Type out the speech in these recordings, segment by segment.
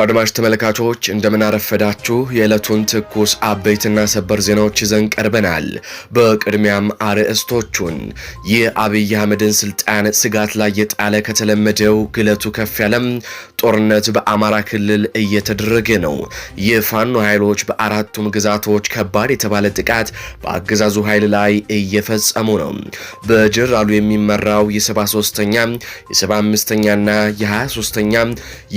አድማጭ ተመልካቾች እንደምን አረፈዳችሁ። የዕለቱን ትኩስ አበይትና ሰበር ዜናዎች ይዘን ቀርበናል። በቅድሚያም አርዕስቶቹን የአብይ አህመድን ስልጣን ስጋት ላይ የጣለ ከተለመደው ግለቱ ከፍ ያለም ጦርነት በአማራ ክልል እየተደረገ ነው። የፋኖ ኃይሎች በአራቱም ግዛቶች ከባድ የተባለ ጥቃት በአገዛዙ ኃይል ላይ እየፈጸሙ ነው። በጀራሉ የሚመራው የ73ኛ የ75ኛና የ23ኛ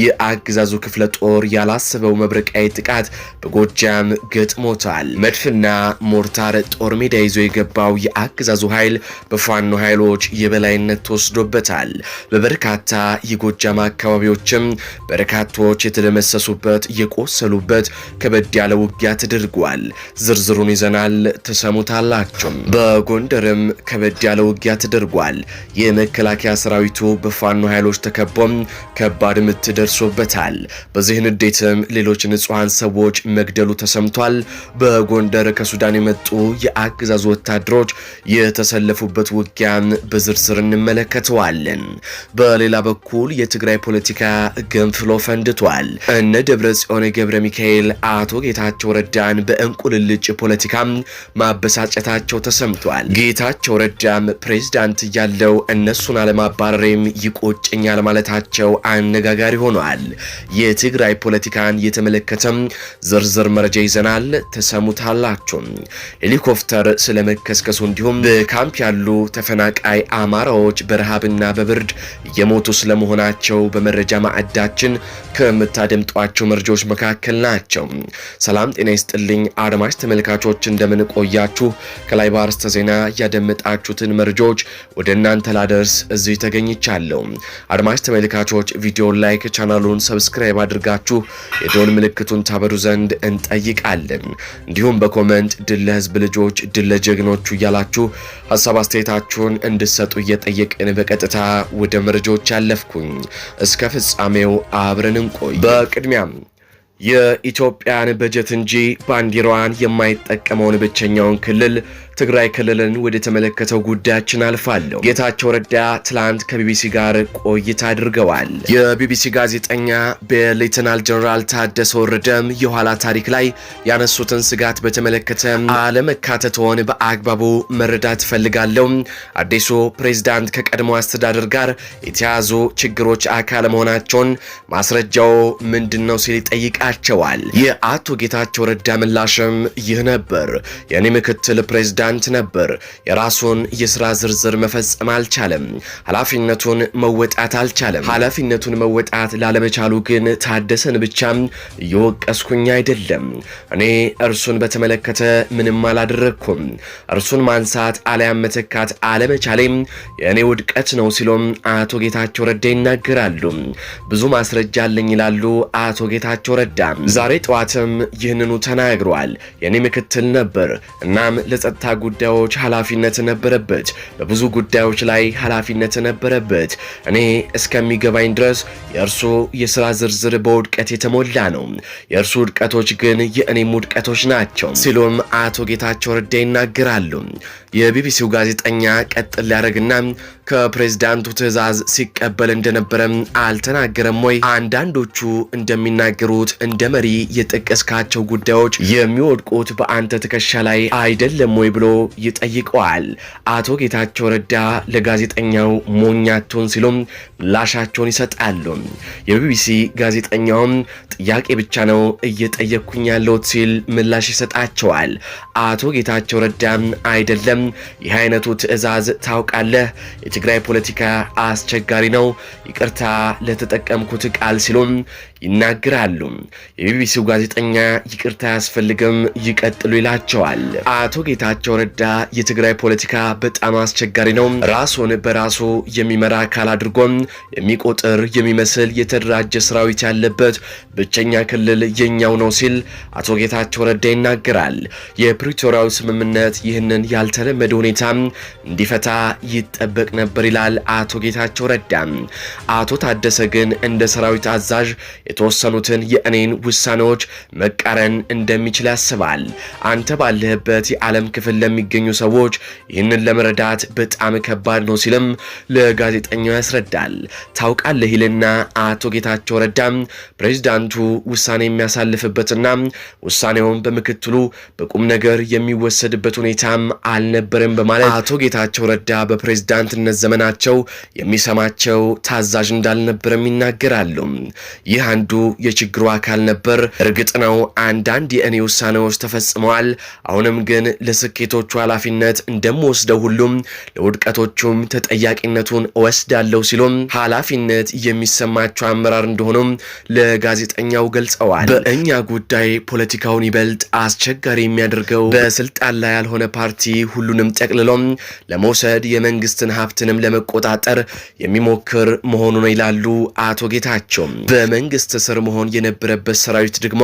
የአገዛዙ ክፍለ ጦር ያላሰበው መብረቃዊ ጥቃት በጎጃም ገጥሞታል። መድፍና ሞርታር ጦር ሜዳ ይዞ የገባው የአገዛዙ ኃይል በፋኖ ኃይሎች የበላይነት ተወስዶበታል። በበርካታ የጎጃም አካባቢዎችም በርካቶች የተደመሰሱበት የቆሰሉበት ከበድ ያለ ውጊያ ተደርጓል። ዝርዝሩን ይዘናል ተሰሙታላችሁ። በጎንደርም ከበድ ያለ ውጊያ ተደርጓል። የመከላከያ ሰራዊቱ በፋኖ ኃይሎች ተከቦም ከባድ ምት ደርሶበታል። በዚህ ንዴትም ሌሎች ንጹሐን ሰዎች መግደሉ ተሰምቷል። በጎንደር ከሱዳን የመጡ የአገዛዙ ወታደሮች የተሰለፉበት ውጊያን በዝርዝር እንመለከተዋለን። በሌላ በኩል የትግራይ ፖለቲካ ገንፍሎ ፈንድቷል። እነ ደብረ ጽዮን ገብረ ሚካኤል አቶ ጌታቸው ረዳን በእንቁልልጭ ፖለቲካም ማበሳጨታቸው ተሰምቷል። ጌታቸው ረዳም ፕሬዝዳንት እያለው እነሱን አለማባረሬም ይቆጨኛል ማለታቸው አነጋጋሪ ሆኗል። የትግራይ ፖለቲካን የተመለከተም ዝርዝር መረጃ ይዘናል፣ ተሰሙታላችሁ። ሄሊኮፕተር ስለመከስከሱ እንዲሁም በካምፕ ያሉ ተፈናቃይ አማራዎች በረሃብና በብርድ እየሞቱ ስለመሆናቸው በመረጃ ማዕዳችን ከምታደምጧቸው መረጃዎች መካከል ናቸው። ሰላም ጤና ይስጥልኝ አድማጭ ተመልካቾች፣ እንደምንቆያችሁ ከላይ በአርዕስተ ዜና ያደመጣችሁትን መረጃዎች ወደ እናንተ ላደርስ እዚህ ተገኝቻለሁ። አድማጭ ተመልካቾች ቪዲዮ ላይክ፣ ቻናሉን ሰብስክራይብ አድርጋችሁ የዶን ምልክቱን ታበሩ ዘንድ እንጠይቃለን። እንዲሁም በኮመንት ድል ለህዝብ ልጆች፣ ድል ለጀግኖቹ እያላችሁ ሀሳብ አስተያየታችሁን እንድሰጡ እየጠየቅን በቀጥታ ወደ መረጃዎች ያለፍኩኝ እስከ ፍጻሜው አብረን እንቆይ። በቅድሚያም የኢትዮጵያን በጀት እንጂ ባንዲራዋን የማይጠቀመውን ብቸኛውን ክልል ትግራይ ክልልን ወደ ተመለከተው ጉዳያችን አልፋለሁ። ጌታቸው ረዳ ትላንት ከቢቢሲ ጋር ቆይታ አድርገዋል። የቢቢሲ ጋዜጠኛ በሌተናል ጀነራል ታደሰ ወረደም የኋላ ታሪክ ላይ ያነሱትን ስጋት በተመለከተ አለመካተትዎን በአግባቡ መረዳት እፈልጋለሁ። አዲሱ ፕሬዝዳንት ከቀድሞ አስተዳደር ጋር የተያዙ ችግሮች አካል መሆናቸውን ማስረጃው ምንድን ነው ሲል ይጠይቃቸዋል። የአቶ ጌታቸው ረዳ ምላሽም ይህ ነበር። የኔ ምክትል ፕሬዚዳንት ፕሬዝዳንት ነበር። የራሱን የስራ ዝርዝር መፈጸም አልቻለም። ኃላፊነቱን መወጣት አልቻለም። ኃላፊነቱን መወጣት ላለመቻሉ ግን ታደሰን ብቻ እየወቀስኩኝ አይደለም። እኔ እርሱን በተመለከተ ምንም አላደረግኩም። እርሱን ማንሳት አለያም መተካት አለመቻሌም የእኔ ውድቀት ነው ሲሎም አቶ ጌታቸው ረዳ ይናገራሉ። ብዙ ማስረጃ አለኝ ይላሉ አቶ ጌታቸው ረዳ። ዛሬ ጠዋትም ይህንኑ ተናግሯል። የእኔ ምክትል ነበር። እናም ለጸጥታ ጉዳዮች ኃላፊነት ነበረበት። በብዙ ጉዳዮች ላይ ኃላፊነት ነበረበት። እኔ እስከሚገባኝ ድረስ የእርሱ የስራ ዝርዝር በውድቀት የተሞላ ነው። የእርሱ ውድቀቶች ግን የእኔም ውድቀቶች ናቸው ሲሉም አቶ ጌታቸው ረዳ ይናገራሉ። የቢቢሲው ጋዜጠኛ ቀጥል ሊያደርግና ከፕሬዝዳንቱ ትዕዛዝ ሲቀበል እንደነበረም አልተናገረም ወይ? አንዳንዶቹ እንደሚናገሩት እንደ መሪ የጠቀስካቸው ጉዳዮች የሚወድቁት በአንተ ትከሻ ላይ አይደለም ወይ ብሎ ይጠይቀዋል። አቶ ጌታቸው ረዳ ለጋዜጠኛው ሞኛቱን ሲሉም ምላሻቸውን ይሰጣሉ። የቢቢሲ ጋዜጠኛውም ጥያቄ ብቻ ነው እየጠየቅኩኝ ያለሁት ሲል ምላሽ ይሰጣቸዋል። አቶ ጌታቸው ረዳም አይደለም ይህ አይነቱ ትዕዛዝ ታውቃለህ፣ የትግራይ ፖለቲካ አስቸጋሪ ነው፣ ይቅርታ ለተጠቀምኩት ቃል ሲሉም ይናገራሉ። የቢቢሲው ጋዜጠኛ ይቅርታ አያስፈልግም ይቀጥሉ ይላቸዋል። አቶ ጌታቸው ረዳ የትግራይ ፖለቲካ በጣም አስቸጋሪ ነው፣ ራሱን በራሱ የሚመራ አካል አድርጎም የሚቆጥር የሚመስል የተደራጀ ሰራዊት ያለበት ብቸኛ ክልል የኛው ነው ሲል አቶ ጌታቸው ረዳ ይናገራል። የፕሪቶሪያው ስምምነት ይህንን ያልተለ በተለመደ ሁኔታ እንዲፈታ ይጠበቅ ነበር ይላል አቶ ጌታቸው ረዳ። አቶ ታደሰ ግን እንደ ሰራዊት አዛዥ የተወሰኑትን የእኔን ውሳኔዎች መቃረን እንደሚችል ያስባል። አንተ ባለህበት የዓለም ክፍል ለሚገኙ ሰዎች ይህንን ለመረዳት በጣም ከባድ ነው ሲልም ለጋዜጠኛው ያስረዳል። ታውቃለህ ይልና አቶ ጌታቸው ረዳም ፕሬዚዳንቱ ውሳኔ የሚያሳልፍበትና ውሳኔውን በምክትሉ በቁም ነገር የሚወሰድበት ሁኔታም አልነበ አልነበረም በማለት አቶ ጌታቸው ረዳ በፕሬዝዳንትነት ዘመናቸው የሚሰማቸው ታዛዥ እንዳልነበረም ይናገራሉ። ይህ አንዱ የችግሩ አካል ነበር። እርግጥ ነው አንዳንድ የእኔ ውሳኔዎች ተፈጽመዋል። አሁንም ግን ለስኬቶቹ ኃላፊነት እንደምወስደው ሁሉም ለውድቀቶቹም ተጠያቂነቱን እወስዳለሁ ሲሉም ኃላፊነት የሚሰማቸው አመራር እንደሆኑም ለጋዜጠኛው ገልጸዋል። በእኛ ጉዳይ ፖለቲካውን ይበልጥ አስቸጋሪ የሚያደርገው በስልጣን ላይ ያልሆነ ፓርቲ ሁሉ ሁሉንም ጠቅልሎ ለመውሰድ የመንግስትን ሀብትንም ለመቆጣጠር የሚሞክር መሆኑ ነው ይላሉ አቶ ጌታቸው። በመንግስት ስር መሆን የነበረበት ሰራዊት ደግሞ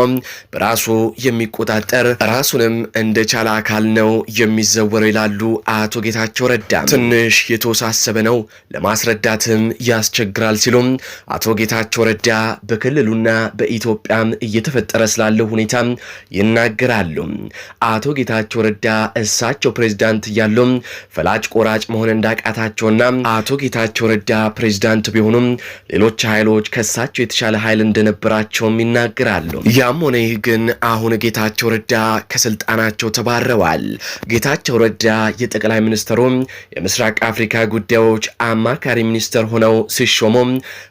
በራሱ የሚቆጣጠር ራሱንም እንደ ቻለ አካል ነው የሚዘወረው ይላሉ አቶ ጌታቸው ረዳ። ትንሽ የተወሳሰበ ነው፣ ለማስረዳትም ያስቸግራል ሲሉም አቶ ጌታቸው ረዳ በክልሉና በኢትዮጵያም እየተፈጠረ ስላለው ሁኔታ ይናገራሉ። አቶ ጌታቸው ረዳ እሳቸው ፕሬዚዳንት ፕሬዚዳንት እያሉም ፈላጭ ቆራጭ መሆን እንዳቃታቸውና አቶ ጌታቸው ረዳ ፕሬዚዳንት ቢሆኑም ሌሎች ኃይሎች ከሳቸው የተሻለ ኃይል እንደነበራቸውም ይናገራሉ። ያም ሆነ ይህ ግን አሁን ጌታቸው ረዳ ከስልጣናቸው ተባረዋል። ጌታቸው ረዳ የጠቅላይ ሚኒስትሩ የምስራቅ አፍሪካ ጉዳዮች አማካሪ ሚኒስትር ሆነው ሲሾሙ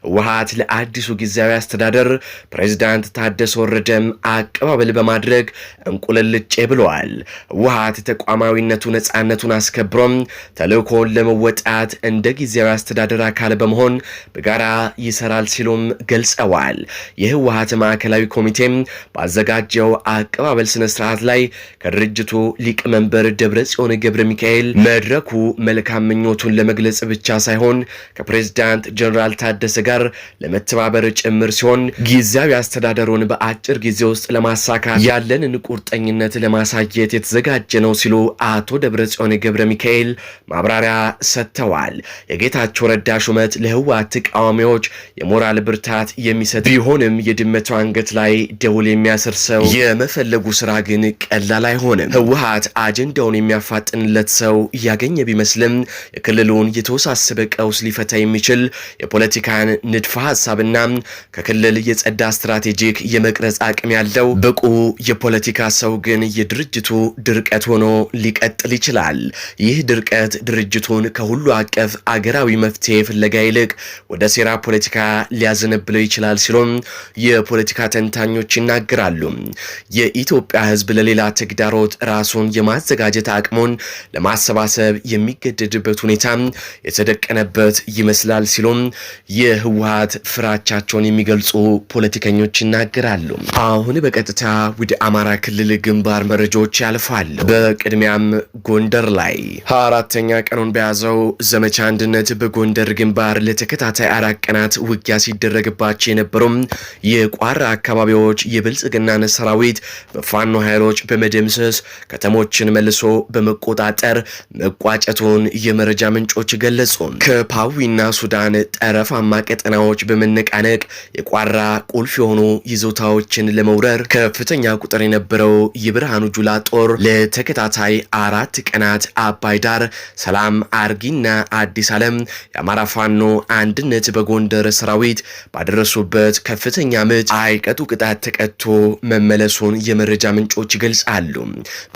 ህወሓት ለአዲሱ ጊዜያዊ አስተዳደር ፕሬዚዳንት ታደሰ ወረደም አቀባበል በማድረግ እንቁልልጬ ብለዋል። ህወሓት የተቋማዊነቱ ነጻ ነፃነቱን አስከብሮም ተልእኮውን ለመወጣት እንደ ጊዜያዊ አስተዳደር አካል በመሆን በጋራ ይሰራል ሲሉም ገልጸዋል። የህወሀት ማዕከላዊ ኮሚቴም ባዘጋጀው አቀባበል ስነ ስርዓት ላይ ከድርጅቱ ሊቀመንበር ደብረ ጽዮን ገብረ ሚካኤል መድረኩ መልካም ምኞቱን ለመግለጽ ብቻ ሳይሆን ከፕሬዝዳንት ጀኔራል ታደሰ ጋር ለመተባበር ጭምር ሲሆን ጊዜያዊ አስተዳደሩን በአጭር ጊዜ ውስጥ ለማሳካት ያለንን ቁርጠኝነት ለማሳየት የተዘጋጀ ነው ሲሉ አቶ ደብረ ጽዮን ገብረ ሚካኤል ማብራሪያ ሰጥተዋል። የጌታቸው ረዳ ሹመት ለህወሓት ተቃዋሚዎች የሞራል ብርታት የሚሰጥ ቢሆንም የድመቱ አንገት ላይ ደውል የሚያስር ሰው የመፈለጉ ስራ ግን ቀላል አይሆንም። ህወሓት አጀንዳውን የሚያፋጥንለት ሰው እያገኘ ቢመስልም የክልሉን የተወሳሰበ ቀውስ ሊፈታ የሚችል የፖለቲካን ንድፈ ሀሳብና ከክልል የጸዳ ስትራቴጂክ የመቅረጽ አቅም ያለው ብቁ የፖለቲካ ሰው ግን የድርጅቱ ድርቀት ሆኖ ሊቀጥል ይችላል። ይችላል። ይህ ድርቀት ድርጅቱን ከሁሉ አቀፍ አገራዊ መፍትሄ ፍለጋ ይልቅ ወደ ሴራ ፖለቲካ ሊያዘነብለው ይችላል ሲሉም የፖለቲካ ተንታኞች ይናገራሉ። የኢትዮጵያ ሕዝብ ለሌላ ተግዳሮት ራሱን የማዘጋጀት አቅሙን ለማሰባሰብ የሚገደድበት ሁኔታ የተደቀነበት ይመስላል ሲሉም የህወሀት ፍራቻቸውን የሚገልጹ ፖለቲከኞች ይናገራሉ። አሁን በቀጥታ ወደ አማራ ክልል ግንባር መረጃዎች ያልፋል። በቅድሚያም ጎ ጎንደር ላይ ሀያ አራተኛ ቀኑን በያዘው ዘመቻ አንድነት በጎንደር ግንባር ለተከታታይ አራት ቀናት ውጊያ ሲደረግባቸው የነበሩም የቋራ አካባቢዎች የብልጽግናን ሰራዊት በፋኖ ኃይሎች በመደምሰስ ከተሞችን መልሶ በመቆጣጠር መቋጨቱን የመረጃ ምንጮች ገለጹ። ከፓዊና ሱዳን ጠረፋማ ቀጠናዎች በመነቃነቅ የቋራ ቁልፍ የሆኑ ይዞታዎችን ለመውረር ከፍተኛ ቁጥር የነበረው የብርሃኑ ጁላ ጦር ለተከታታይ አራት ቀናት አባይ ዳር፣ ሰላም አርጊና አዲስ ዓለም የአማራ ፋኖ አንድነት በጎንደር ሰራዊት ባደረሱበት ከፍተኛ ምት አይቀጡ ቅጣት ተቀጥቶ መመለሱን የመረጃ ምንጮች ይገልጻሉ።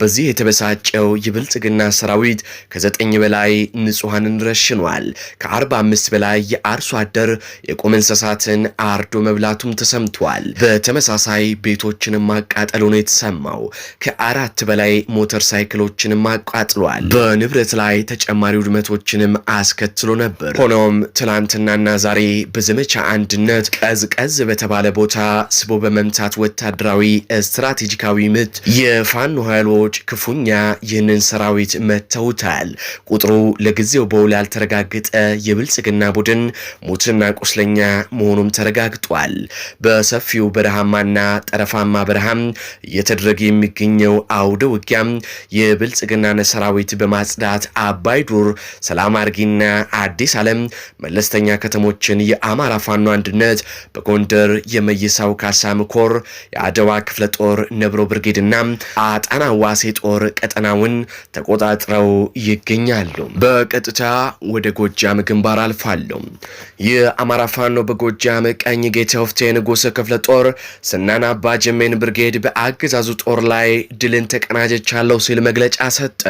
በዚህ የተበሳጨው የብልጽግና ሰራዊት ከዘጠኝ በላይ ንጹሐንን ረሽኗል። ከ45 በላይ የአርሶ አደር የቁም እንስሳትን አርዶ መብላቱም ተሰምቷል። በተመሳሳይ ቤቶችንም ማቃጠሉ ነው የተሰማው። ከአራት በላይ ሞተር ሳይክሎችንም ማቃጠል ተቃጥሏል። በንብረት ላይ ተጨማሪ ውድመቶችንም አስከትሎ ነበር። ሆኖም ትላንትናና ዛሬ በዘመቻ አንድነት ቀዝቀዝ በተባለ ቦታ ስቦ በመምታት ወታደራዊ ስትራቴጂካዊ ምት የፋኖ ኃይሎች ክፉኛ ይህንን ሰራዊት መተውታል። ቁጥሩ ለጊዜው በውል ያልተረጋገጠ የብልጽግና ቡድን ሙትና ቁስለኛ መሆኑም ተረጋግጧል። በሰፊው በረሃማና ጠረፋማ በረሃም እየተደረገ የሚገኘው አውደ ውጊያም የብልጽግና ሰራዊት በማጽዳት አባይ ዱር፣ ሰላም አርጊና አዲስ ዓለም መለስተኛ ከተሞችን የአማራ ፋኖ አንድነት በጎንደር የመይሳው ካሳ ምኮር የአደዋ ክፍለ ጦር ነብሮ ብርጌድና አጣና ዋሴ ጦር ቀጠናውን ተቆጣጥረው ይገኛሉ። በቀጥታ ወደ ጎጃም ግንባር አልፋለሁ። የአማራ ፋኖ በጎጃም ቀኝ ጌታ ወፍቴ ንጉሥ ክፍለ ጦር ስናና አባ ጀሜን ብርጌድ በአገዛዙ ጦር ላይ ድልን ተቀናጀቻለሁ ሲል መግለጫ ሰጠ።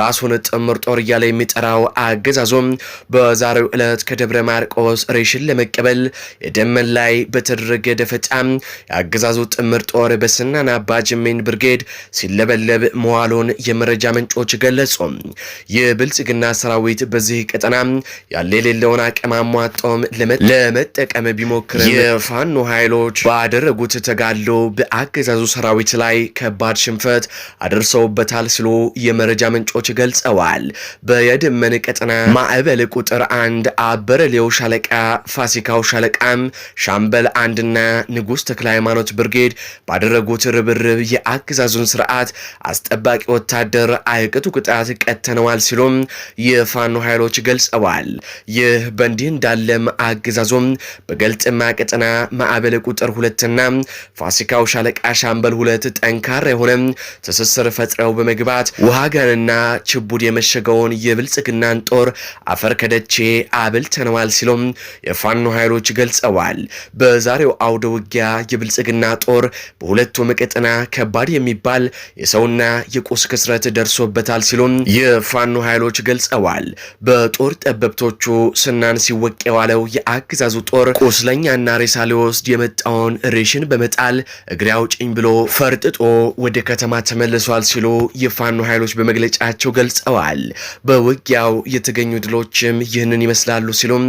ራሱን ጥምር ጦር እያለ የሚጠራው አገዛዞም በዛሬው ዕለት ከደብረ ማርቆስ ሬሽን ለመቀበል የደመን ላይ በተደረገ ደፈጣ የአገዛዙ ጥምር ጦር በስናና ባጅሜን ብርጌድ ሲለበለብ መዋሉን የመረጃ ምንጮች ገለጹ። የብልጽግና ሰራዊት በዚህ ቀጠና ያለ የሌለውን አቅም አሟጦም ለመጠቀም ቢሞክርም የፋኖ ኃይሎች ባደረጉት ተጋድሎ በአገዛዙ ሰራዊት ላይ ከባድ ሽንፈት አደርሰውበታል ሲሉ የመረጃ ምንጮች ገልጸዋል። በየደመን ቀጠና ማዕበል ቁጥር አንድ አበረሌው ሻለቃ፣ ፋሲካው ሻለቃም፣ ሻምበል አንድና ንጉሥ ተክለ ሃይማኖት ብርጌድ ባደረጉት ርብርብ የአገዛዙን ስርዓት አስጠባቂ ወታደር አይቅቱ ቅጣት ቀተነዋል ሲሉም የፋኖ ኃይሎች ገልጸዋል። ይህ በእንዲህ እንዳለም አገዛዙም በገልጥማ ቀጠና ማዕበል ቁጥር ሁለትና ፋሲካው ሻለቃ ሻምበል ሁለት ጠንካራ የሆነ ትስስር ፈጥረው በመግባት ውሃ በሀገርና ችቡድ የመሸገውን የብልጽግናን ጦር አፈር ከደቼ አብልተነዋል ሲሉም የፋኖ ኃይሎች ገልጸዋል። በዛሬው አውደ ውጊያ የብልጽግና ጦር በሁለቱም ቀጠና ከባድ የሚባል የሰውና የቁስ ክስረት ደርሶበታል ሲሉም የፋኖ ኃይሎች ገልጸዋል። በጦር ጠበብቶቹ ስናን ሲወቅ የዋለው የአገዛዙ ጦር ቁስለኛና ሬሳ ሊወስድ የመጣውን ሬሽን በመጣል እግሬ አውጭኝ ብሎ ፈርጥጦ ወደ ከተማ ተመልሷል ሲሉ የፋኖ ኃይሎች ኃይሎች በመግለጫቸው ገልጸዋል። በውጊያው የተገኙ ድሎችም ይህንን ይመስላሉ ሲሉም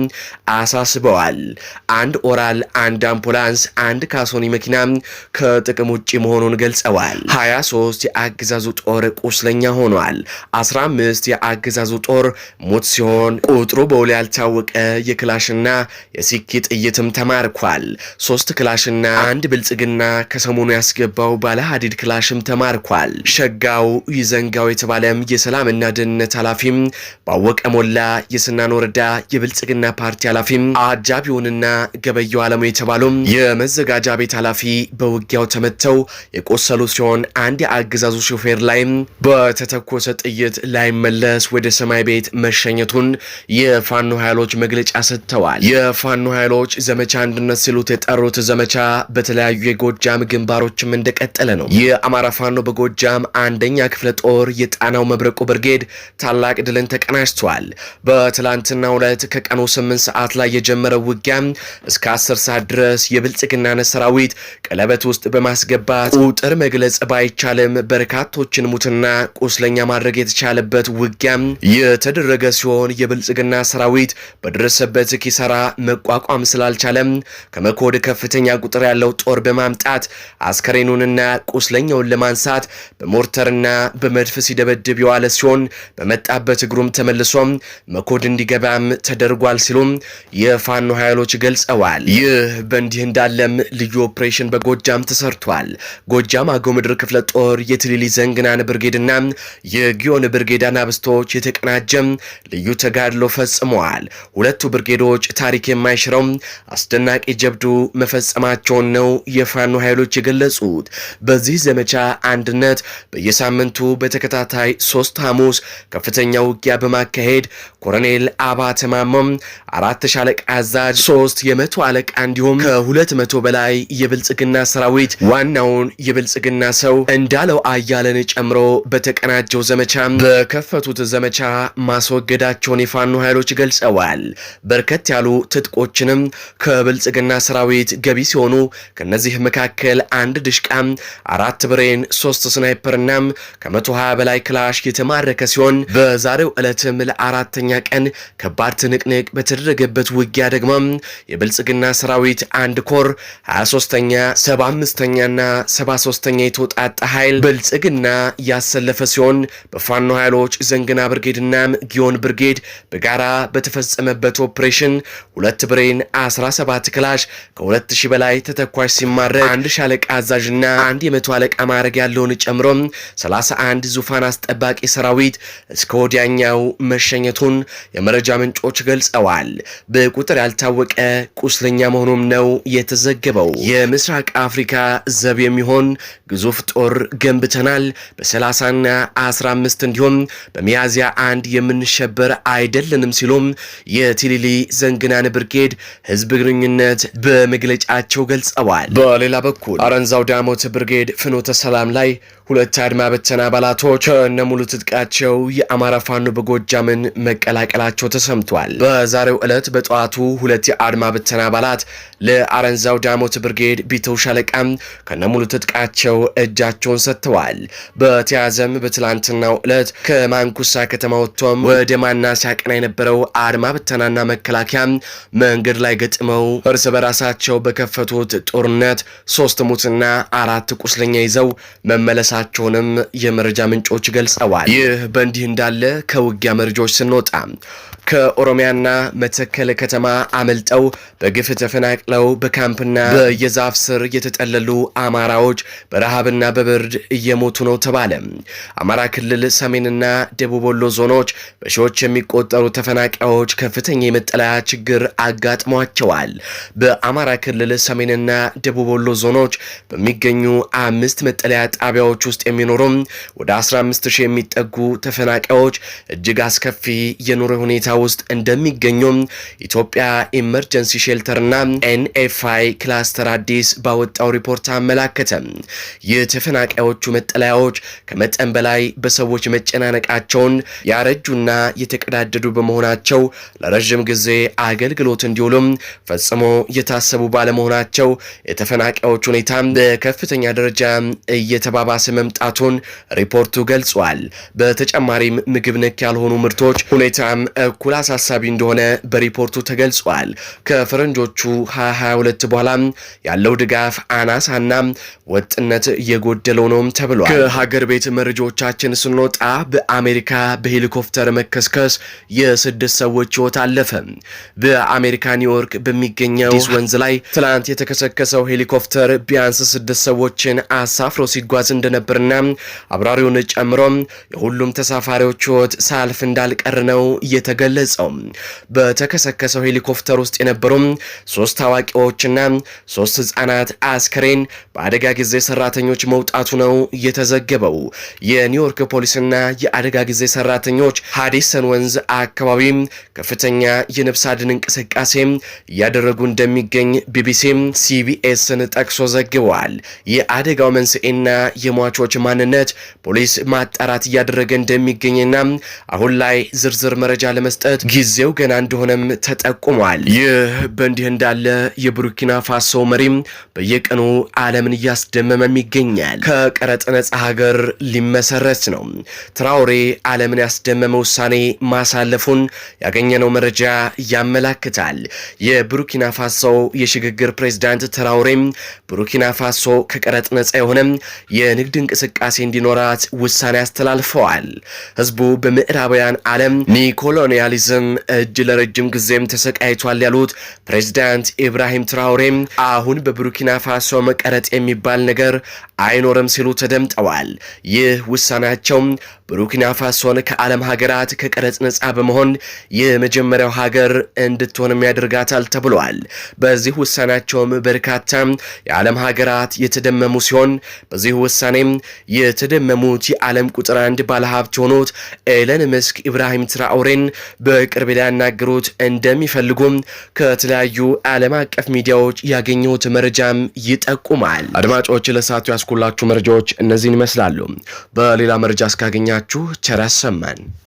አሳስበዋል። አንድ ኦራል፣ አንድ አምቡላንስ፣ አንድ ካሶኒ መኪና ከጥቅም ውጭ መሆኑን ገልጸዋል። 23 የአገዛዙ ጦር ቁስለኛ ሆኗል። 15 የአገዛዙ ጦር ሞት ሲሆን ቁጥሩ በውል ያልታወቀ የክላሽና የሲኪ ጥይትም ተማርኳል። ሶስት ክላሽና አንድ ብልጽግና ከሰሞኑ ያስገባው ባለ ሀዲድ ክላሽም ተማርኳል። ሸጋው ይዘንጋው የተባለ የተባለም የሰላምና ደህንነት ኃላፊም ባወቀ ሞላ የስናን ወረዳ የብልጽግና ፓርቲ ኃላፊም አጃቢውንና ገበየው አለሙ የተባሉም የመዘጋጃ ቤት ኃላፊ በውጊያው ተመተው የቆሰሉ ሲሆን አንድ የአገዛዙ ሾፌር ላይም በተተኮሰ ጥይት ላይመለስ ወደ ሰማይ ቤት መሸኘቱን የፋኖ ኃይሎች መግለጫ ሰጥተዋል። የፋኖ ኃይሎች ዘመቻ አንድነት ሲሉት የጠሩት ዘመቻ በተለያዩ የጎጃም ግንባሮችም እንደቀጠለ ነው። የአማራ ፋኖ በጎጃም አንደኛ ክፍለ ጦር የጣናው መብረቁ ብርጌድ ታላቅ ድልን ተቀናጅቷል። በትላንትና ዕለት ከቀኑ 8 ሰዓት ላይ የጀመረው ውጊያ እስከ 10 ሰዓት ድረስ የብልጽግናን ሰራዊት ቀለበት ውስጥ በማስገባት ቁጥር መግለጽ ባይቻልም በርካቶችን ሙትና ቁስለኛ ማድረግ የተቻለበት ውጊያ የተደረገ ሲሆን የብልጽግና ሰራዊት በደረሰበት ኪሳራ መቋቋም ስላልቻለም ከመኮድ ከፍተኛ ቁጥር ያለው ጦር በማምጣት አስከሬኑንና ቁስለኛውን ለማንሳት በሞርተርና በመድፍ ሲደበድብ የዋለ ሲሆን በመጣበት እግሩም ተመልሶም መኮድ እንዲገባም ተደርጓል ሲሉም የፋኖ ኃይሎች ገልጸዋል። ይህ በእንዲህ እንዳለም ልዩ ኦፕሬሽን በጎጃም ተሰርቷል። ጎጃም አገው ምድር ክፍለ ጦር የትሊሊ ዘንግናን ብርጌድና የጊዮን ብርጌድ አናብስቶች የተቀናጀም ልዩ ተጋድሎ ፈጽመዋል። ሁለቱ ብርጌዶች ታሪክ የማይሽረው አስደናቂ ጀብዱ መፈጸማቸውን ነው የፋኖ ኃይሎች የገለጹት። በዚህ ዘመቻ አንድነት በየሳምንቱ በተከታ ተከታታይ ሶስት ሐሙስ ከፍተኛ ውጊያ በማካሄድ ኮሎኔል አባተ ማሞም አራት ሻለቃ አዛዥ፣ ሶስት የመቶ አለቃ እንዲሁም ከሁለት መቶ በላይ የብልጽግና ሰራዊት ዋናውን የብልጽግና ሰው እንዳለው አያለን ጨምሮ በተቀናጀው ዘመቻ በከፈቱት ዘመቻ ማስወገዳቸውን የፋኖ ኃይሎች ገልጸዋል። በርከት ያሉ ትጥቆችንም ከብልጽግና ሰራዊት ገቢ ሲሆኑ ከነዚህ መካከል አንድ ድሽቃም፣ አራት ብሬን፣ ሶስት ስናይፐርና ከመቶ ሀያ በላይ ክላሽ የተማረከ ሲሆን በዛሬው ዕለትም ለአራተኛ ቀን ከባድ ትንቅንቅ በተደረገበት ውጊያ ደግሞ የብልጽግና ሰራዊት አንድ ኮር 23ኛ፣ 75ኛና 73ኛ የተውጣጣ ኃይል ብልጽግና ያሰለፈ ሲሆን በፋኖ ኃይሎች ዘንግና ብርጌድና ጊዮን ብርጌድ በጋራ በተፈጸመበት ኦፕሬሽን ሁለት ብሬን 17 ክላሽ ከ2000 በላይ ተተኳሽ ሲማረክ አንድ ሻለቃ አዛዥና አንድ የመቶ አለቃ ማዕረግ ያለውን ጨምሮ 31 ዙፋን አስጠባቂ ሰራዊት እስከ ወዲያኛው መሸኘቱን የመረጃ ምንጮች ገልጸዋል። በቁጥር ያልታወቀ ቁስለኛ መሆኑም ነው የተዘገበው። የምስራቅ አፍሪካ ዘብ የሚሆን ግዙፍ ጦር ገንብተናል፣ በ30ና 15 እንዲሁም በሚያዝያ አንድ የምንሸበር አይደለንም ሲሉም የቲሊሊ ዘንግናን ብርጌድ ህዝብ ግንኙነት በመግለጫቸው ገልጸዋል። በሌላ በኩል አረንዛው ዳሞት ብርጌድ ፍኖተ ሰላም ላይ ሁለት አድማ በተና አባላቶች እነ ሙሉ ትጥቃቸው የአማራ ፋኖ በጎጃምን መቀላቀላቸው ተሰምቷል። በዛሬው ዕለት በጠዋቱ ሁለት የአድማ በተና አባላት ለአረንዛው ዳሞት ብርጌድ ቢተው ሻለቃም ከነ ሙሉ ትጥቃቸው እጃቸውን ሰጥተዋል። በተያዘም በትላንትናው ዕለት ከማንኩሳ ከተማ ወጥቶም ወደ ማና ሲያቀና የነበረው አድማ በተናና መከላከያ መንገድ ላይ ገጥመው እርስ በራሳቸው በከፈቱት ጦርነት ሶስት ሙትና አራት ቁስለኛ ይዘው መመለሳ መደረሳቸውንም የመረጃ ምንጮች ገልጸዋል። ይህ በእንዲህ እንዳለ ከውጊያ መረጃዎች ስንወጣ ከኦሮሚያና መተከል ከተማ አመልጠው በግፍ ተፈናቅለው በካምፕና በየዛፍ ስር የተጠለሉ አማራዎች በረሃብና በብርድ እየሞቱ ነው ተባለ። አማራ ክልል ሰሜንና ደቡብ ወሎ ዞኖች በሺዎች የሚቆጠሩ ተፈናቃዮች ከፍተኛ የመጠለያ ችግር አጋጥሟቸዋል። በአማራ ክልል ሰሜንና ደቡብ ወሎ ዞኖች በሚገኙ አምስት መጠለያ ጣቢያዎች ውስጥ የሚኖሩም ወደ 15 ሺህ የሚጠጉ ተፈናቃዮች እጅግ አስከፊ የኑሮ ሁኔታ ውስጥ እንደሚገኙ ኢትዮጵያ ኢመርጀንሲ ሼልተርና ኤንኤፍአይ ክላስተር አዲስ ባወጣው ሪፖርት አመላከተ። የተፈናቃዮቹ መጠለያዎች ከመጠን በላይ በሰዎች መጨናነቃቸውን ያረጁና የተቀዳደዱ በመሆናቸው ለረዥም ጊዜ አገልግሎት እንዲውሉም ፈጽሞ የታሰቡ ባለመሆናቸው የተፈናቃዮች ሁኔታ በከፍተኛ ደረጃ እየተባባሰ መምጣቱን ሪፖርቱ ገልጿል። በተጨማሪም ምግብ ነክ ያልሆኑ ምርቶች ሁኔታም እኩል በኩል አሳሳቢ እንደሆነ በሪፖርቱ ተገልጿል። ከፈረንጆቹ 2022 በኋላ ያለው ድጋፍ አናሳና ወጥነት እየጎደለው ነውም ተብሏል። ከሀገር ቤት መረጃዎቻችን ስንወጣ በአሜሪካ በሄሊኮፕተር መከስከስ የስድስት ሰዎች ህይወት አለፈ። በአሜሪካ ኒውዮርክ በሚገኘው ዲስ ወንዝ ላይ ትላንት የተከሰከሰው ሄሊኮፕተር ቢያንስ ስድስት ሰዎችን አሳፍሮ ሲጓዝ እንደነበርና አብራሪውን ጨምሮ የሁሉም ተሳፋሪዎች ህይወት ሳልፍ እንዳልቀር ነው እየተገለ ገለጸው። በተከሰከሰው ሄሊኮፕተር ውስጥ የነበሩ ሶስት ታዋቂዎችና ሶስት ህጻናት አስከሬን በአደጋ ጊዜ ሰራተኞች መውጣቱ ነው የተዘገበው። የኒውዮርክ ፖሊስና የአደጋ ጊዜ ሰራተኞች ሀዲሰን ወንዝ አካባቢ ከፍተኛ የነፍስ አድን እንቅስቃሴ እያደረጉ እንደሚገኝ ቢቢሲ ሲቢኤስን ጠቅሶ ዘግበዋል። የአደጋው መንስኤና የሟቾች ማንነት ፖሊስ ማጣራት እያደረገ እንደሚገኝና አሁን ላይ ዝርዝር መረጃ ለመስጠት ለመስጠት ጊዜው ገና እንደሆነም ተጠቁሟል። ይህ በእንዲህ እንዳለ የቡርኪና ፋሶ መሪም በየቀኑ ዓለምን እያስደመመም ይገኛል። ከቀረጥ ነጻ ሀገር ሊመሰረት ነው። ትራውሬ ዓለምን ያስደመመ ውሳኔ ማሳለፉን ያገኘነው መረጃ ያመላክታል። የቡርኪና ፋሶ የሽግግር ፕሬዝዳንት ትራውሬም ቡርኪና ፋሶ ከቀረጥ ነጻ የሆነ የንግድ እንቅስቃሴ እንዲኖራት ውሳኔ አስተላልፈዋል። ህዝቡ በምዕራባውያን ዓለም ኒኮሎኒያ ኮሎኒያሊዝም እጅ ለረጅም ጊዜም ተሰቃይቷል ያሉት ፕሬዚዳንት ኢብራሂም ትራውሬም አሁን በቡርኪና ፋሶ መቀረጥ የሚባል ነገር አይኖርም ሲሉ ተደምጠዋል። ይህ ውሳኔያቸው ቡርኪና ፋሶን ከዓለም ሀገራት ከቀረጽ ነፃ በመሆን የመጀመሪያው ሀገር እንድትሆንም ያደርጋታል ተብሏል። በዚህ ውሳኔያቸውም በርካታ የዓለም ሀገራት የተደመሙ ሲሆን በዚህ ውሳኔም የተደመሙት የዓለም ቁጥር አንድ ባለሀብት የሆኑት ኤለን መስክ ኢብራሂም ትራኦሬን በቅርብ ሊያናግሩት እንደሚፈልጉም ከተለያዩ ዓለም አቀፍ ሚዲያዎች ያገኘሁት መረጃም ይጠቁማል። አድማጮች ለሰዓቱ ያስኩላችሁ መረጃዎች እነዚህን ይመስላሉ። በሌላ መረጃ እስካገኛችሁ ቸር ያሰማን።